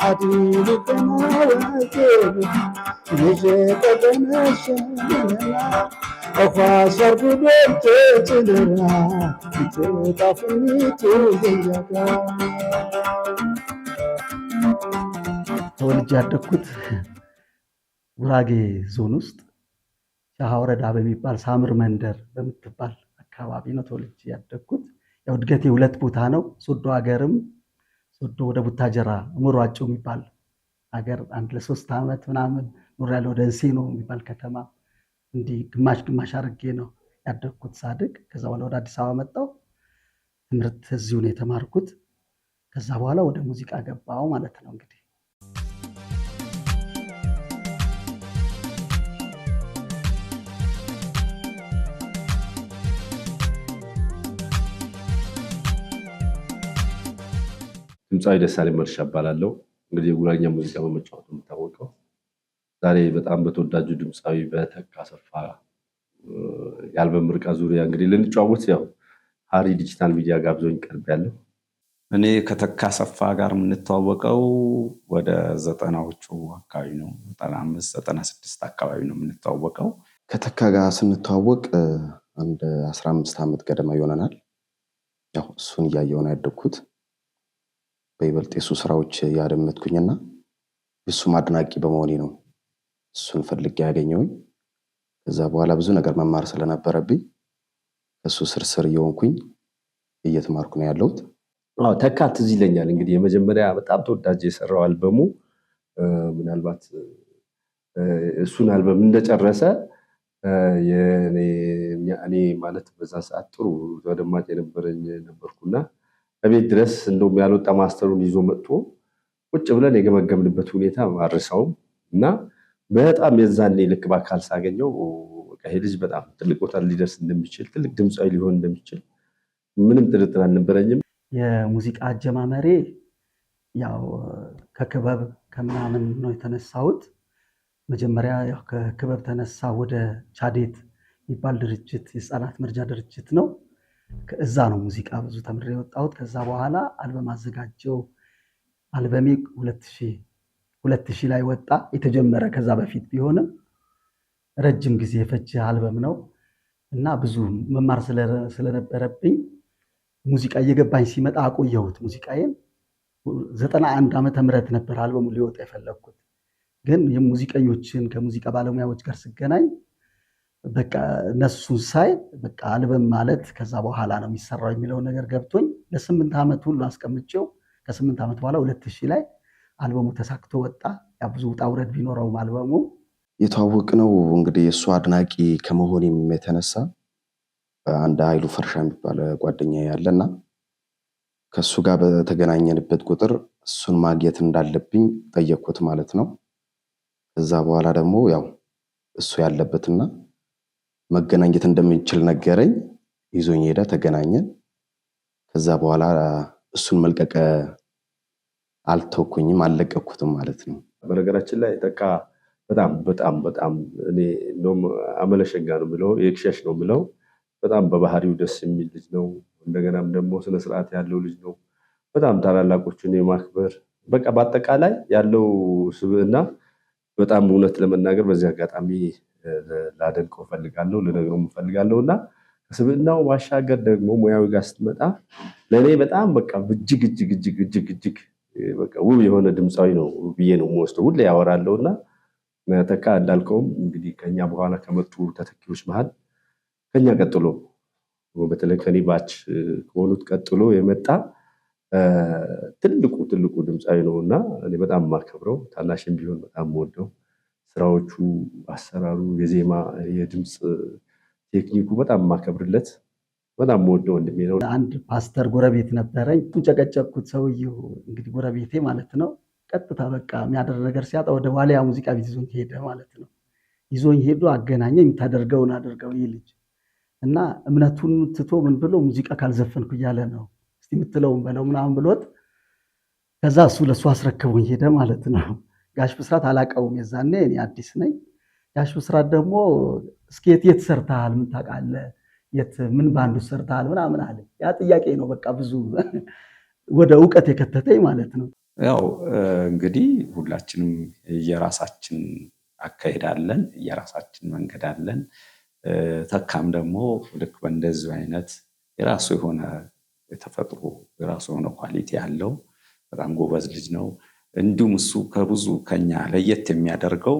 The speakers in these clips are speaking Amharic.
ተወልጄ ያደግኩት ጉራጌ ዞን ውስጥ ሻሃ ወረዳ በሚባል ሳምር መንደር በምትባል አካባቢ ነው ተወልጄ ያደግኩት። ያው እድገቴ ሁለት ቦታ ነው። ሶዶ ሀገርም ሶዶ ወደ ቡታጀራ ምሯጮ የሚባል ሀገር አንድ ለሶስት ዓመት ምናምን ኑር ያለ ወደ እንሴኖ የሚባል ከተማ እንዲህ ግማሽ ግማሽ አድርጌ ነው ያደግኩት ሳድግ። ከዛ በኋላ ወደ አዲስ አበባ መጣው ትምህርት እዚሁ ነው የተማርኩት። ከዛ በኋላ ወደ ሙዚቃ ገባው ማለት ነው እንግዲህ ድምፃዊ ደሳለኝ መርሻ እባላለሁ። እንግዲህ የጉራኛ ሙዚቃ በመጫወት የምታወቀው ዛሬ በጣም በተወዳጁ ድምፃዊ በተካ አሰፋ የአልበም ምርቃ ዙሪያ እንግዲህ ልንጫወት ያው ሀሪ ዲጂታል ሚዲያ ጋብዞኝ ቀርቤያለሁ። እኔ ከተካ አሰፋ ጋር የምንተዋወቀው ወደ ዘጠናዎቹ አካባቢ ነው። ዘጠና አምስት ዘጠና ስድስት አካባቢ ነው የምንተዋወቀው። ከተካ ጋር ስንተዋወቅ አንድ አስራ አምስት ዓመት ገደማ ይሆነናል። ያው እሱን እያየውን ያደግኩት በይበልጥ የሱ ስራዎች ያደመጥኩኝና እሱም አድናቂ በመሆኔ ነው እሱን ፈልግ ያገኘውኝ ከዛ በኋላ ብዙ ነገር መማር ስለነበረብኝ እሱ ስርስር እየሆንኩኝ እየተማርኩ ነው ያለሁት። ተካት ተካ ይለኛል እንግዲህ የመጀመሪያ በጣም ተወዳጅ የሰራው አልበሙ ምናልባት እሱን አልበም እንደጨረሰ እኔ ማለት በዛ ሰዓት ጥሩ ተደማጭ የነበረኝ ነበርኩና በቤት ድረስ እንደውም ያልወጣ ማስተሩን ይዞ መጥቶ ቁጭ ብለን የገመገምንበት ሁኔታ አርሰውም እና በጣም የዛኔ ልክ በአካል ሳገኘው ይሄ ልጅ በጣም ትልቅ ቦታ ሊደርስ እንደሚችል ትልቅ ድምፃዊ ሊሆን እንደሚችል ምንም ጥርጥር አልነበረኝም። የሙዚቃ አጀማመሬ ያው ከክበብ ከምናምን ነው የተነሳሁት። መጀመሪያ ከክበብ ተነሳ ወደ ቻዴት የሚባል ድርጅት የህፃናት መርጃ ድርጅት ነው ከዛ ነው ሙዚቃ ብዙ ተምሬ የወጣሁት። ከዛ በኋላ አልበም አዘጋጀው። አልበሜ ሁለት ሺህ ላይ ወጣ። የተጀመረ ከዛ በፊት ቢሆንም ረጅም ጊዜ የፈጀ አልበም ነው እና ብዙ መማር ስለነበረብኝ ሙዚቃ እየገባኝ ሲመጣ አቆየሁት። ሙዚቃዬን ዘጠና አንድ ዓመተ ምህረት ነበር አልበሙ ሊወጣ የፈለግኩት ግን የሙዚቀኞችን ከሙዚቃ ባለሙያዎች ጋር ስገናኝ በቃ እነሱን ሳይ በቃ አልበም ማለት ከዛ በኋላ ነው የሚሰራው የሚለውን ነገር ገብቶኝ ለስምንት ዓመት ሁሉ አስቀምጬው ከስምንት ዓመት በኋላ ሁለት ሺህ ላይ አልበሙ ተሳክቶ ወጣ። ብዙ ውጣ ውረድ ቢኖረውም አልበሙ የተዋወቅ ነው እንግዲህ እሱ አድናቂ ከመሆኔም የተነሳ አንድ ኃይሉ ፈርሻ የሚባል ጓደኛ ያለና ከእሱ ጋር በተገናኘንበት ቁጥር እሱን ማግኘት እንዳለብኝ ጠየቅኩት ማለት ነው። ከዛ በኋላ ደግሞ ያው እሱ ያለበትና መገናኘት እንደምንችል ነገረኝ። ይዞኝ ሄደ፣ ተገናኘን። ከዛ በኋላ እሱን መልቀቀ አልተውኩኝም፣ አልለቀኩትም ማለት ነው። በነገራችን ላይ ጠቃ በጣም በጣም በጣም እኔ እንደውም አመለሸጋ ነው ለው የክሸሽ ነው ምለው በጣም በባህሪው ደስ የሚል ልጅ ነው። እንደገናም ደግሞ ስነስርዓት ያለው ልጅ ነው። በጣም ታላላቆቹን የማክበር በቃ በአጠቃላይ ያለው ስብዕና በጣም እውነት ለመናገር በዚህ አጋጣሚ ላደንቀው ፈልጋለሁ፣ ልነግረውም ፈልጋለሁ እና ከስብዕናው ባሻገር ደግሞ ሙያዊ ጋር ስትመጣ ለእኔ በጣም በቃ እጅግ እጅግ እጅግ እጅግ እጅግ ውብ የሆነ ድምፃዊ ነው ብዬ ነው የምወስደው። ሁሌ ያወራለሁ እና ተካ እንዳልከውም እንግዲህ ከኛ በኋላ ከመጡ ተተኪዎች መሀል ከኛ ቀጥሎ በተለይ ከኔ ባች ከሆኑት ቀጥሎ የመጣ ትልቁ ትልቁ ድምፃዊ ነው እና በጣም የማከብረው ታናሽም ቢሆን በጣም የምወደው ስራዎቹ፣ አሰራሩ፣ የዜማ የድምፅ ቴክኒኩ በጣም ማከብርለት በጣም የምወደው ወንድሜ ነው። አንድ ፓስተር ጎረቤት ነበረኝ። ጨቀጨቅኩት። ሰውየው እንግዲህ ጎረቤቴ ማለት ነው። ቀጥታ በቃ የሚያደር ነገር ሲያጣ ወደ ዋልያ ሙዚቃ ቤት ይዞኝ ሄደ ማለት ነው። ይዞኝ ሄዶ አገናኘ የምታደርገውን አድርገው ይህ ልጅ እና እምነቱን ትቶ ምን ብሎ ሙዚቃ ካልዘፈንኩ እያለ ነው እስቲ የምትለውን በለው ምናምን ብሎት ከዛ እሱ ለእሱ አስረክቦኝ ሄደ ማለት ነው። ጋሽ ብስራት አላቀውም። የዛኔ እኔ አዲስ ነኝ። ጋሽ ብስራት ደግሞ እስኪ የት የት ሰርተሃል? ምን ታውቃለህ? የት ምን ባንዱ ሰርተሃል? ምናምን አለ። ያ ጥያቄ ነው በቃ ብዙ ወደ እውቀት የከተተኝ ማለት ነው። ያው እንግዲህ ሁላችንም የራሳችን አካሄዳለን የራሳችን መንገድ አለን። ተካም ደግሞ ልክ በእንደዚሁ አይነት የራሱ የሆነ የተፈጥሮ የራሱ የሆነ ኳሊቲ ያለው በጣም ጎበዝ ልጅ ነው። እንዲሁም እሱ ከብዙ ከኛ ለየት የሚያደርገው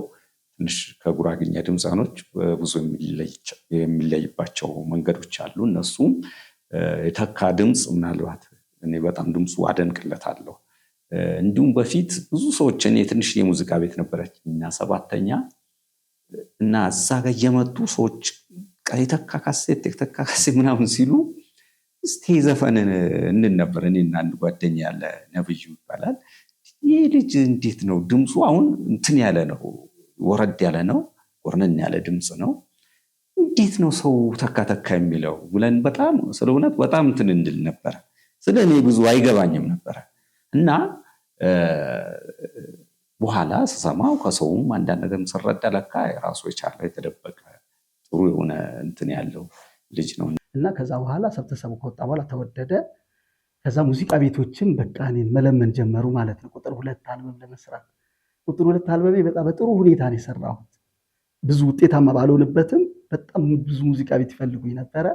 ትንሽ ከጉራግኛ ድምፃኖች ብዙ የሚለይባቸው መንገዶች አሉ። እነሱም የተካ ድምፅ ምናልባት እኔ በጣም ድምፁ አደንቅለታለሁ። እንዲሁም በፊት ብዙ ሰዎች እኔ ትንሽ የሙዚቃ ቤት ነበረች እና ሰባተኛ እና እዛ ጋር እየመጡ ሰዎች የተካ ካሴት የተካ ካሴት ምናምን ሲሉ እስቲ ዘፈንን እንን ነበር። እኔ እና አንድ ጓደኛ ያለ ነብዩ ይባላል ይህ ልጅ እንዴት ነው ድምፁ? አሁን እንትን ያለ ነው፣ ወረድ ያለ ነው፣ ወርነን ያለ ድምፅ ነው። እንዴት ነው ሰው ተካተካ የሚለው ብለን በጣም ስለ እውነት በጣም እንትን እንድል ነበረ። ስለ እኔ ብዙ አይገባኝም ነበረ እና በኋላ ስሰማው ከሰውም አንዳንድ ነገር ስረዳ ለካ የራሱ የቻለ የተደበቀ ጥሩ የሆነ እንትን ያለው ልጅ ነው እና ከዛ በኋላ ሰብተሰቡ ከወጣ በኋላ ተወደደ። ከዛ ሙዚቃ ቤቶችን በቃ እኔን መለመን ጀመሩ ማለት ነው። ቁጥር ሁለት አልበም ለመስራት ቁጥር ሁለት አልበሜ በጣም በጥሩ ሁኔታ ነው የሰራሁት። ብዙ ውጤታማ ባልሆንበትም በጣም ብዙ ሙዚቃ ቤት ይፈልጉኝ ነበረ።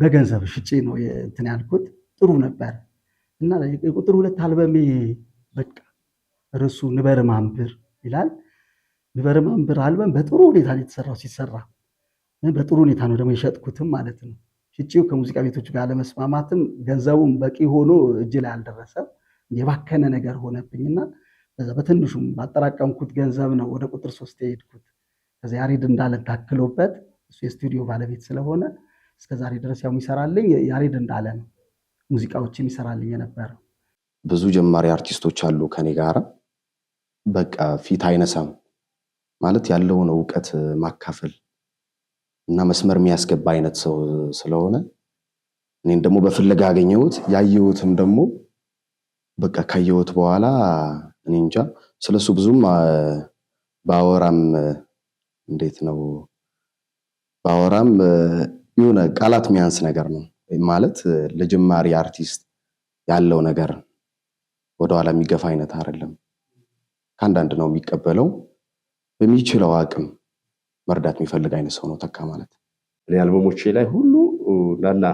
በገንዘብ ሽጬ ነው እንትን ያልኩት። ጥሩ ነበር እና የቁጥር ሁለት አልበሜ በቃ ርሱ ንበር ማንብር ይላል። ንበር ማንብር አልበም በጥሩ ሁኔታ ነው የተሰራው። ሲሰራ በጥሩ ሁኔታ ነው ደግሞ የሸጥኩትም ማለት ነው። ሽጪው ከሙዚቃ ቤቶች ጋር ለመስማማትም ገንዘቡም በቂ ሆኖ እጅ ላይ አልደረሰም። የባከነ ነገር ሆነብኝና በዛ በትንሹም ባጠራቀምኩት ገንዘብ ነው ወደ ቁጥር ሶስት የሄድኩት። ከዚ ያሬድ እንዳለን ታክሎበት እሱ የስቱዲዮ ባለቤት ስለሆነ እስከ ዛሬ ድረስ ያው የሚሰራልኝ ያሬድ እንዳለ ነው። ሙዚቃዎችን ይሰራልኝ የነበረው ብዙ ጀማሪ አርቲስቶች አሉ ከኔ ጋር በቃ ፊት አይነሳም ማለት ያለውን እውቀት ማካፈል እና መስመር የሚያስገባ አይነት ሰው ስለሆነ እኔን ደግሞ በፍለጋ አገኘሁት። ያየሁትም ደግሞ በቃ ካየሁት በኋላ እኔ እንጃ ስለሱ ብዙም በአወራም እንዴት ነው ባወራም የሆነ ቃላት ሚያንስ ነገር ነው ማለት ለጀማሪ አርቲስት ያለው ነገር ወደኋላ የሚገፋ አይነት አይደለም። ከአንዳንድ ነው የሚቀበለው በሚችለው አቅም መርዳት የሚፈልግ አይነት ሰው ነው ተካ ማለት። እኔ አልበሞቼ ላይ ሁሉ ላላ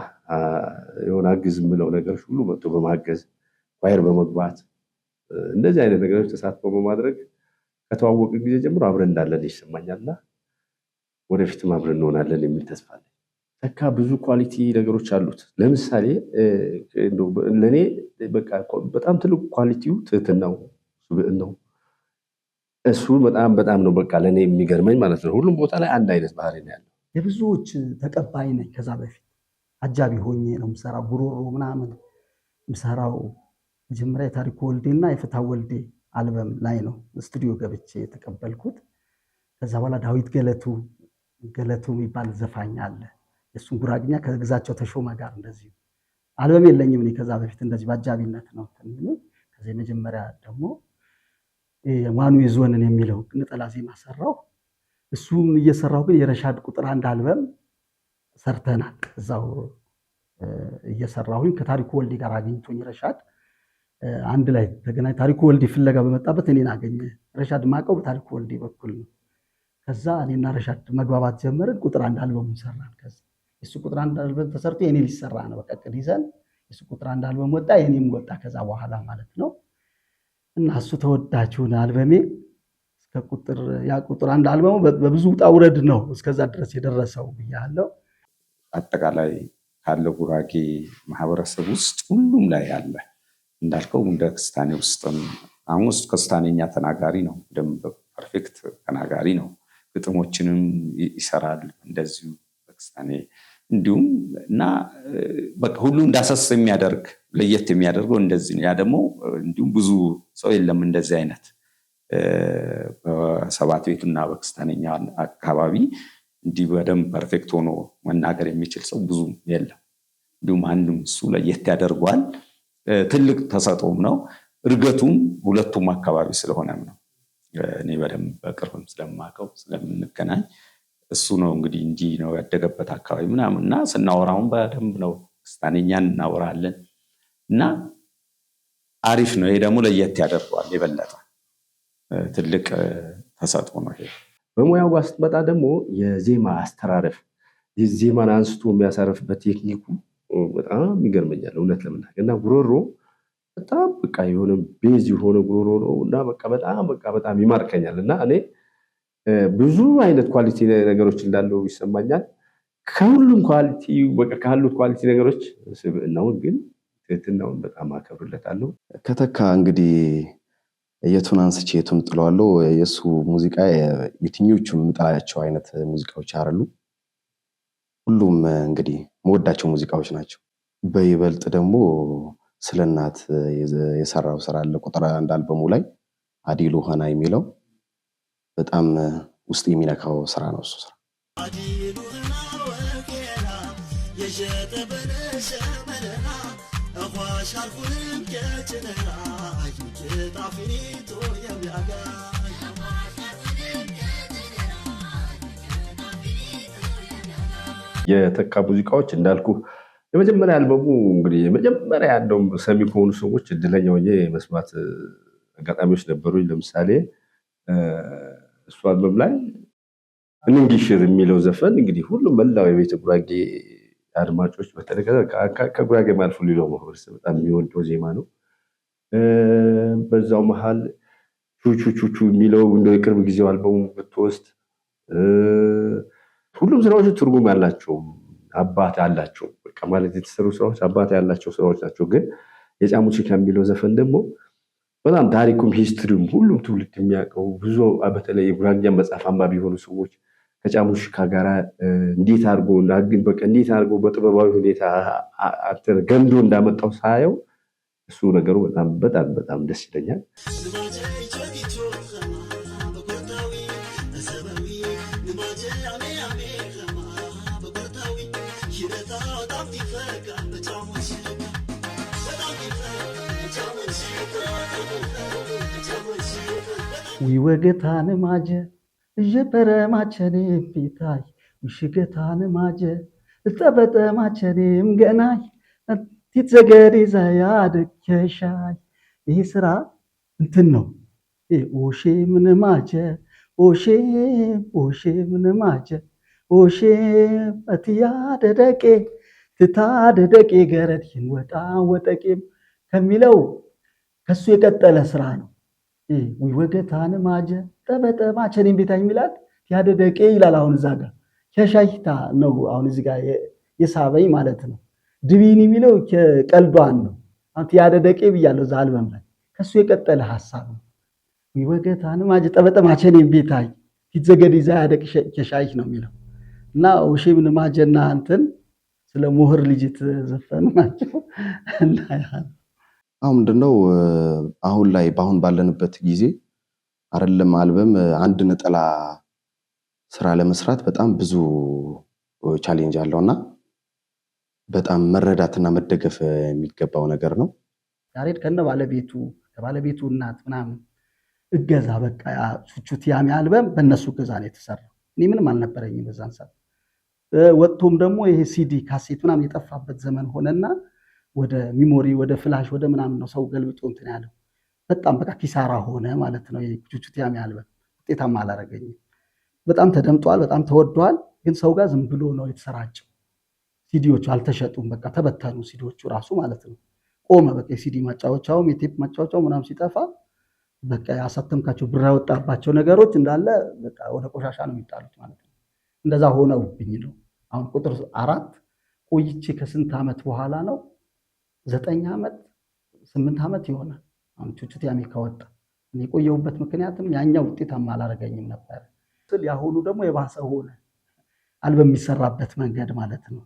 የሆነ አግዝ የምለው ነገሮች ሁሉ መጥቶ በማገዝ ኳየር በመግባት እንደዚህ አይነት ነገሮች ተሳትፎ በማድረግ ከተዋወቅ ጊዜ ጀምሮ አብረን እንዳለን ይሰማኛልና ወደፊትም አብረን እንሆናለን የሚል ተስፋ አለ። ተካ ብዙ ኳሊቲ ነገሮች አሉት። ለምሳሌ ለእኔ በጣም ትልቅ ኳሊቲው ትህትናው፣ ስብዕናው እሱ በጣም በጣም ነው በቃ ለእኔ የሚገርመኝ ማለት ነው። ሁሉም ቦታ ላይ አንድ አይነት ባህሪ ነው ያለው። የብዙዎች ተቀባይ ነኝ። ከዛ በፊት አጃቢ ሆኜ ነው ምሰራው፣ ጉሮሮ ምናምን ምሰራው። መጀመሪያ የታሪኩ ወልዴ እና የፍታ ወልዴ አልበም ላይ ነው ስቱዲዮ ገብቼ የተቀበልኩት። ከዛ በኋላ ዳዊት ገለቱ ገለቱ የሚባል ዘፋኝ አለ። የእሱን ጉራግኛ ከግዛቸው ተሾመ ጋር እንደዚሁ አልበም የለኝም እኔ ከዛ በፊት እንደዚህ በአጃቢነት ነው ከዛ መጀመሪያ ደግሞ ዋኑ ዞንን የሚለው ነጠላ ዜማ ሰራው። እሱም እየሰራው ግን የረሻድ ቁጥር አንድ አልበም ሰርተናል። እዛው እየሰራሁኝ ከታሪኩ ወልዴ ጋር አግኝቶኝ ረሻድ አንድ ላይ ተገናኝ። ታሪኩ ወልዴ ፍለጋ በመጣበት እኔን አገኘ። ረሻድ ማቀው በታሪኩ ወልዴ በኩል ነው። ከዛ እኔና ረሻድ መግባባት ጀመርን። ቁጥር አንድ አልበሙን ሰራን። ከዛ የሱ ቁጥር አንድ አልበም ተሰርቶ የኔ ሊሰራ ነው። በቀቅድ ይዘን እሱ ቁጥር አንድ አልበም ወጣ፣ የኔም ወጣ። ከዛ በኋላ ማለት ነው እና እሱ ተወዳችሁን አልበሜ እስከ ቁጥር ያ ቁጥር አንድ አልበሙ በብዙ ውጣ ውረድ ነው እስከዛ ድረስ የደረሰው ብያለው። አጠቃላይ ካለው ጉራጌ ማህበረሰብ ውስጥ ሁሉም ላይ አለ እንዳልከው እንደ ክስታኔ ውስጥም አሁን ውስጥ ክስታኔኛ ተናጋሪ ነው፣ በደንብ ፐርፌክት ተናጋሪ ነው። ግጥሞችንም ይሰራል እንደዚሁ በክስታኔ እንዲሁም እና በቃ ሁሉም እንዳሰስ የሚያደርግ ለየት የሚያደርገው እንደዚህ ነው። ያ ደግሞ እንዲሁም ብዙ ሰው የለም እንደዚህ አይነት በሰባት ቤቱና በክስተነኛ አካባቢ እንዲህ በደንብ ፐርፌክት ሆኖ መናገር የሚችል ሰው ብዙ የለም። እንዲሁም አንድም እሱ ለየት ያደርገዋል። ትልቅ ተሰጦም ነው። እድገቱም ሁለቱም አካባቢ ስለሆነም ነው እኔ በደንብ በቅርብም ስለማቀው ስለምንገናኝ እሱ ነው እንግዲህ እንጂ ነው ያደገበት አካባቢ ምናምን እና ስናወራውን በደንብ ነው ስታንኛን እናወራለን እና አሪፍ ነው። ይሄ ደግሞ ለየት ያደርገዋል። የበለጠ ትልቅ ተሰጥኦ ነው ይሄ። በሙያው ጋር ስትመጣ ደግሞ የዜማ አስተራረፍ ዜማን አንስቶ የሚያሳርፍበት ቴክኒኩ በጣም ይገርመኛል እውነት ለምናገር እና ጉሮሮ በጣም በቃ የሆነ ቤዝ የሆነ ጉሮሮ ነው እና በቃ በጣም በቃ በጣም ይማርከኛል እና እኔ ብዙ አይነት ኳሊቲ ነገሮች እንዳለው ይሰማኛል። ከሁሉም ኳሊቲ ካሉት ኳሊቲ ነገሮች ነው ግን ትህትናውን በጣም አከብርለታለሁ። ከተካ እንግዲህ የቱን አንስቼ የቱን ጥለዋለው የእሱ ሙዚቃ የትኞቹ የምጠላያቸው አይነት ሙዚቃዎች አሉ። ሁሉም እንግዲህ መወዳቸው ሙዚቃዎች ናቸው። በይበልጥ ደግሞ ስለ እናት የሰራው ስራ አለ ቁጥር አንድ አልበሙ ላይ አዲሉ ሆና የሚለው በጣም ውስጥ የሚነካው ስራ ነው እሱ ስራ የተካ ሙዚቃዎች እንዳልኩ የመጀመሪያ አልበሙ እንግዲህ የመጀመሪያ ያለው ሰሚ ከሆኑ ሰዎች እድለኛ ሆኜ መስማት አጋጣሚዎች ነበሩኝ። ለምሳሌ እሱ አልበም ላይ እንንጊሽር የሚለው ዘፈን እንግዲህ ሁሉም መላው የቤተ ጉራጌ አድማጮች በተለይ ከጉራጌም አልፎ ሌላው ማህበረሰብ በጣም የሚወደው ዜማ ነው። በዛው መሀል ቹቹቹቹ የሚለው እንደ የቅርብ ጊዜው አልበሙ ብትወስድ ሁሉም ስራዎች ትርጉም ያላቸው አባት ያላቸው ማለት የተሰሩ ስራዎች አባት ያላቸው ስራዎች ናቸው። ግን የጫሙችካ የሚለው ዘፈን ደግሞ በጣም ታሪኩም ሂስትሪውም ሁሉም ትውልድ የሚያውቀው ብዙ በተለይ የጉራጌኛ መጽሐፍ አንባቢ የሆኑ ሰዎች ከጫሙሽካ ጋራ እንዴት አድርጎ በቃ እንዴት አድርጎ በጥበባዊ ሁኔታ ገምዶ እንዳመጣው ሳየው እሱ ነገሩ በጣም በጣም በጣም ደስ ይለኛል። ይወገታን ማጀ ማቸኔ ፊታይ ምሽገታን ማጀ ማቸኔም ገናይ ቲት ዘገዴ ዛያ ደከሻይ ይህ ስራ እንትን ነው። ኦሼ ምን ማጀ ኦሼ ኦሼ ምን ማጀ ኦሼ እትያ ደደቄ ትታ ደደቄ ገረድ ወጣ ወጠቄም ከሚለው ከሱ የቀጠለ ስራ ነው። ወገታን ማጀ ጠበጠ ቸኔን ቤታኝ የሚላት ያደደቄ ይላል። አሁን እዛ ጋር ከሻይታ ነው። አሁን እዚህ ጋር የሳበኝ ማለት ነው። ድቢን የሚለው ቀልዷን ነው። አንተ ያደደቄ ብያለሁ እዛ አልበም ላይ ከሱ የቀጠለ ሀሳብ ነው። ወገታን ማጀ ጠበጠ ቸኔን ቤታኝ ይዘገድ ይዛ ያደቅ ከሻይህ ነው የሚለው እና ወሽብን ማጀና አንተን ስለ ምሁር ልጅ ተዘፈኑ ናቸው እና አሁን ምንድነው አሁን ላይ በአሁን ባለንበት ጊዜ አይደለም አልበም አንድ ነጠላ ስራ ለመስራት በጣም ብዙ ቻሌንጅ አለው እና በጣም መረዳትና መደገፍ የሚገባው ነገር ነው። ያሬድ ከነ ባለቤቱ ከባለቤቱ እናት ምናምን እገዛ በቃ ቹቹት ያሚ አልበም በእነሱ እገዛ ነው የተሰራው። እኔ ምንም አልነበረኝም በዛን ሰዓት። ወጥቶም ደግሞ ይሄ ሲዲ ካሴት ምናምን የጠፋበት ዘመን ሆነና ወደ ሚሞሪ ወደ ፍላሽ ወደ ምናምን ነው ሰው ገልብጦ እንትን ያለው። በጣም በቃ ኪሳራ ሆነ ማለት ነው። ቹቹት ያም ያልበል ውጤታማ አላረገኝም። በጣም ተደምጧል፣ በጣም ተወዷል። ግን ሰው ጋር ዝም ብሎ ነው የተሰራጨው። ሲዲዎቹ አልተሸጡም፣ በቃ ተበተኑ ሲዲዎቹ ራሱ ማለት ነው። ቆመ በቃ የሲዲ ማጫወቻውም የቴፕ ማጫወቻው ምናም ሲጠፋ በቃ ያሳተምካቸው ብር ያወጣባቸው ነገሮች እንዳለ በቃ ወደ ቆሻሻ ነው የሚጣሉት ማለት ነው። እንደዛ ሆነውብኝ ነው አሁን ቁጥር አራት ቆይቼ ከስንት ዓመት በኋላ ነው ዘጠኝ ዓመት ስምንት ዓመት ይሆናል። አሁን ቹቹቴ አሜሪካ ወጣ። የቆየሁበት ምክንያትም ያኛ ውጤታማ አላደረገኝም ነበር ስል ያሁኑ ደግሞ የባሰ ሆነ። አልበም የሚሰራበት መንገድ ማለት ነው።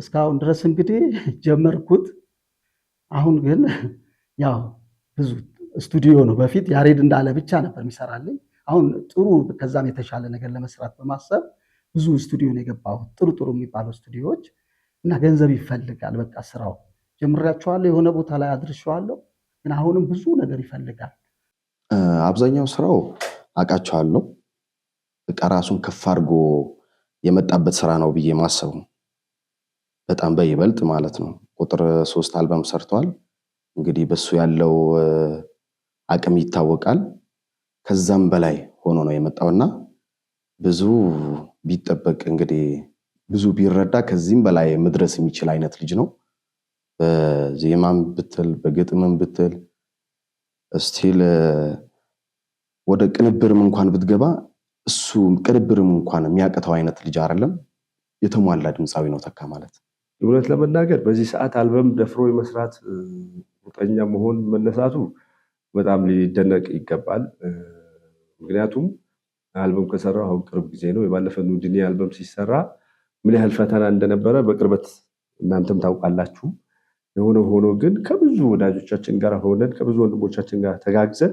እስካሁን ድረስ እንግዲህ ጀመርኩት። አሁን ግን ያው ብዙ ስቱዲዮ ነው። በፊት ያሬድ እንዳለ ብቻ ነበር የሚሰራልኝ። አሁን ጥሩ ከዛም የተሻለ ነገር ለመስራት በማሰብ ብዙ ስቱዲዮ ነው የገባሁት። ጥሩ ጥሩ የሚባሉ ስቱዲዮዎች እና ገንዘብ ይፈልጋል በቃ ስራው ጀምሬያቸዋለሁ፣ የሆነ ቦታ ላይ አድርሸዋለሁ። ግን አሁንም ብዙ ነገር ይፈልጋል። አብዛኛው ስራው አውቃቸዋለሁ። በቃ ራሱን ከፍ አድርጎ የመጣበት ስራ ነው ብዬ ማሰቡ በጣም በይበልጥ ማለት ነው። ቁጥር ሶስት አልበም ሰርተዋል። እንግዲህ በሱ ያለው አቅም ይታወቃል። ከዛም በላይ ሆኖ ነው የመጣውና ብዙ ቢጠበቅ እንግዲህ ብዙ ቢረዳ ከዚህም በላይ መድረስ የሚችል አይነት ልጅ ነው። በዜማም ብትል በግጥምም ብትል ስቲል ወደ ቅንብርም እንኳን ብትገባ እሱ ቅንብርም እንኳን የሚያቅተው አይነት ልጅ አይደለም። የተሟላ ድምፃዊ ነው ተካ ማለት። እውነት ለመናገር በዚህ ሰዓት አልበም ደፍሮ የመስራት ቁርጠኛ መሆን መነሳቱ በጣም ሊደነቅ ይገባል። ምክንያቱም አልበም ከሰራ አሁን ቅርብ ጊዜ ነው። የባለፈ ኑድኒ አልበም ሲሰራ ምን ያህል ፈተና እንደነበረ በቅርበት እናንተም ታውቃላችሁ። የሆነ ሆኖ ግን ከብዙ ወዳጆቻችን ጋር ሆነን ከብዙ ወንድሞቻችን ጋር ተጋግዘን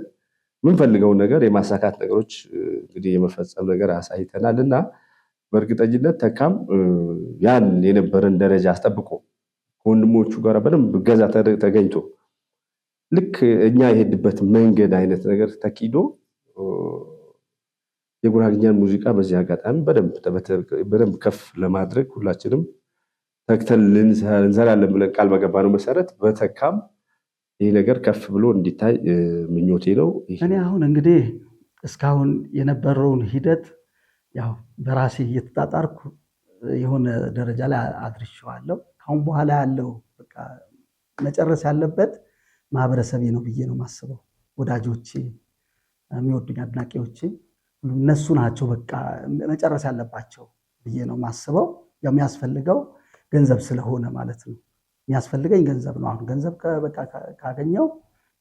የምንፈልገውን ነገር የማሳካት ነገሮች እንግዲህ የመፈጸም ነገር አሳይተናል እና በእርግጠኝነት ተካም ያን የነበረን ደረጃ አስጠብቆ ከወንድሞቹ ጋር በደንብ ገዛ ተገኝቶ ልክ እኛ የሄድበት መንገድ አይነት ነገር ተኪዶ የጉራግኛን ሙዚቃ በዚህ አጋጣሚ በደንብ ከፍ ለማድረግ ሁላችንም ተክተን እንሰራለን ብለን ቃል በገባነው መሰረት በተካም ይህ ነገር ከፍ ብሎ እንዲታይ ምኞቴ ነው። እኔ አሁን እንግዲህ እስካሁን የነበረውን ሂደት ያው በራሴ እየተጣጣርኩ የሆነ ደረጃ ላይ አድርሼዋለሁ። ከአሁን በኋላ ያለው በቃ መጨረስ ያለበት ማህበረሰቤ ነው ብዬ ነው የማስበው። ወዳጆቼ፣ የሚወዱኝ አድናቂዎቼ እነሱ ናቸው በቃ መጨረስ ያለባቸው ብዬ ነው የማስበው የሚያስፈልገው ገንዘብ ስለሆነ ማለት ነው። የሚያስፈልገኝ ገንዘብ ነው። አሁን ገንዘብ በቃ ካገኘው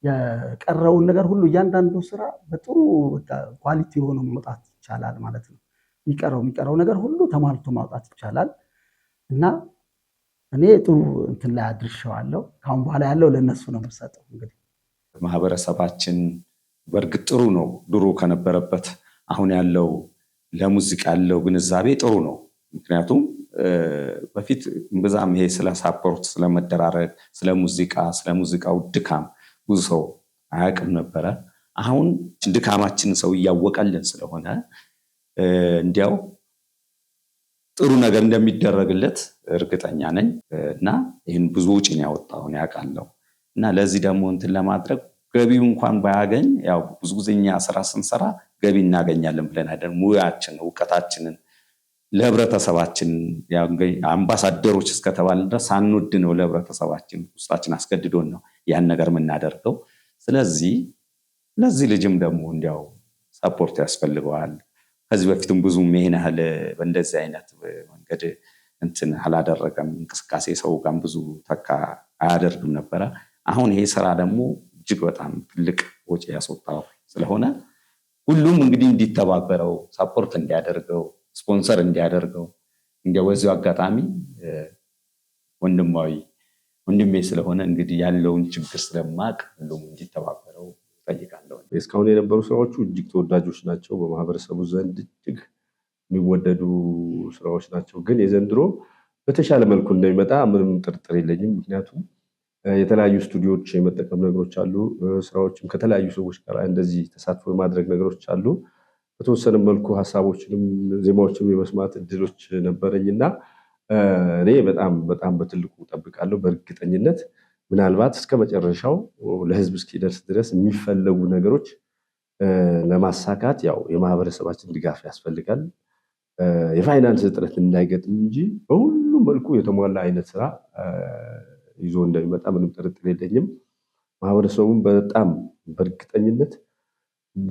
የቀረውን ነገር ሁሉ እያንዳንዱ ስራ በጥሩ ኳሊቲ ሆኖ መውጣት ይቻላል ማለት ነው። የሚቀረው የሚቀረው ነገር ሁሉ ተሟልቶ ማውጣት ይቻላል እና እኔ ጥሩ እንትን ላይ አድርሸዋለሁ። ካሁን በኋላ ያለው ለእነሱ ነው የምሰጠው። እንግዲህ ማህበረሰባችን በእርግጥ ጥሩ ነው። ድሮ ከነበረበት አሁን ያለው ለሙዚቃ ያለው ግንዛቤ ጥሩ ነው። ምክንያቱም በፊት ብዛም ይሄ ስለ ሳፖርት ስለመደራረግ ስለ ሙዚቃ ስለ ሙዚቃው ድካም ብዙ ሰው አያውቅም ነበረ። አሁን ድካማችንን ሰው እያወቀልን ስለሆነ እንዲያው ጥሩ ነገር እንደሚደረግለት እርግጠኛ ነኝ እና ይህን ብዙ ውጭ ነው ያወጣሁን እና ለዚህ ደግሞ እንትን ለማድረግ ገቢው እንኳን ባያገኝ ያው ብዙ ጊዜኛ ስራ ስንሰራ ገቢ እናገኛለን ብለን አይደለም ሙያችን እውቀታችንን ለህብረተሰባችን አምባሳደሮች እስከተባል ድረስ ሳንወድ ነው ለህብረተሰባችን ውስጣችን አስገድዶን ነው ያን ነገር የምናደርገው። ስለዚህ ለዚህ ልጅም ደግሞ እንዲያው ሰፖርት ያስፈልገዋል። ከዚህ በፊትም ብዙ ይሄን ያህል በእንደዚህ አይነት መንገድ እንትን አላደረገም እንቅስቃሴ ሰው ጋር ብዙ ተካ አያደርግም ነበረ። አሁን ይሄ ስራ ደግሞ እጅግ በጣም ትልቅ ወጪ ያስወጣው ስለሆነ ሁሉም እንግዲህ እንዲተባበረው ሰፖርት እንዲያደርገው ስፖንሰር እንዲያደርገው እንዲያው በዚሁ አጋጣሚ ወንድማዊ ወንድሜ ስለሆነ እንግዲህ ያለውን ችግር ስለማቅ ሁሉም እንዲተባበረው እጠይቃለሁ። እስካሁን የነበሩ ስራዎቹ እጅግ ተወዳጆች ናቸው። በማህበረሰቡ ዘንድ እጅግ የሚወደዱ ስራዎች ናቸው። ግን የዘንድሮ በተሻለ መልኩ እንደሚመጣ ምንም ጥርጥር የለኝም። ምክንያቱም የተለያዩ ስቱዲዮዎች የመጠቀም ነገሮች አሉ። ስራዎችም ከተለያዩ ሰዎች ጋር እንደዚህ ተሳትፎ የማድረግ ነገሮች አሉ። በተወሰነ መልኩ ሀሳቦችንም ዜማዎችንም የመስማት እድሎች እና እኔ በጣም በጣም በትልቁ ጠብቃለሁ። በእርግጠኝነት ምናልባት እስከ መጨረሻው ለህዝብ እስኪደርስ ድረስ የሚፈለጉ ነገሮች ለማሳካት ያው የማህበረሰባችን ድጋፍ ያስፈልጋል። የፋይናንስ እጥረት እንዳይገጥም እንጂ በሁሉም መልኩ የተሟላ አይነት ስራ ይዞ እንደሚመጣ ምንም ጥርጥር የለኝም። ማህበረሰቡም በጣም በእርግጠኝነት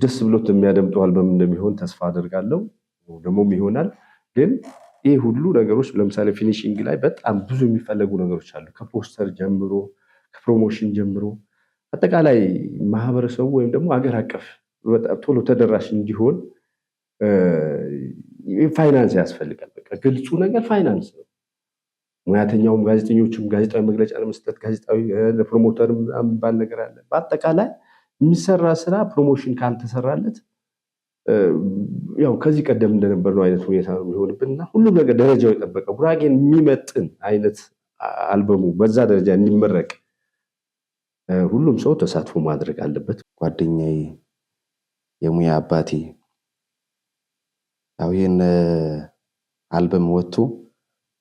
ደስ ብሎት የሚያደምጠው አልበም እንደሚሆን ተስፋ አደርጋለሁ። ደግሞም ይሆናል። ግን ይህ ሁሉ ነገሮች ለምሳሌ ፊኒሽንግ ላይ በጣም ብዙ የሚፈለጉ ነገሮች አሉ። ከፖስተር ጀምሮ ከፕሮሞሽን ጀምሮ አጠቃላይ ማህበረሰቡ ወይም ደግሞ አገር አቀፍ በጣም ቶሎ ተደራሽ እንዲሆን ፋይናንስ ያስፈልጋል። በቃ ግልጹ ነገር ፋይናንስ ነው። ሙያተኛውም ጋዜጠኞችም ጋዜጣዊ መግለጫ ለመስጠት ጋዜጣዊ ለፕሮሞተርም ባል ነገር አለ በአጠቃላይ የሚሰራ ስራ ፕሮሞሽን ካልተሰራለት ያው ከዚህ ቀደም ነው አይነት ሁኔታ ነው የሚሆንብን እና ሁሉም ነገር ደረጃው የጠበቀ ጉራጌን የሚመጥን አይነት አልበሙ በዛ ደረጃ እንዲመረቅ ሁሉም ሰው ተሳትፎ ማድረግ አለበት። ጓደኛዬ፣ የሙያ አባቴ ያው ይህን አልበም ወጥቶ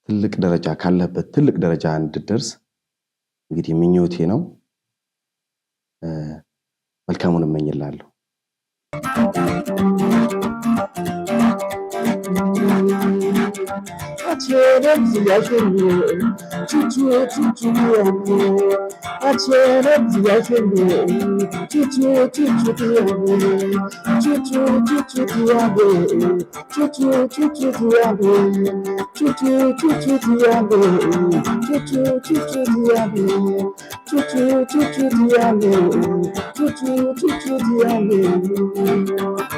ትልቅ ደረጃ ካለበት ትልቅ ደረጃ እንድደርስ እንግዲህ ምኞቴ ነው። መልካሙን እመኝላለሁ። Açarım ziyaşını, çuçu çuçu yanı. Açarım ziyaşını, çuçu çuçu yanı. Çuçu çuçu yanı, çuçu çuçu yanı. Çuçu çuçu yanı, çuçu çuçu yanı. Çuçu çuçu yanı, çuçu çuçu yanı.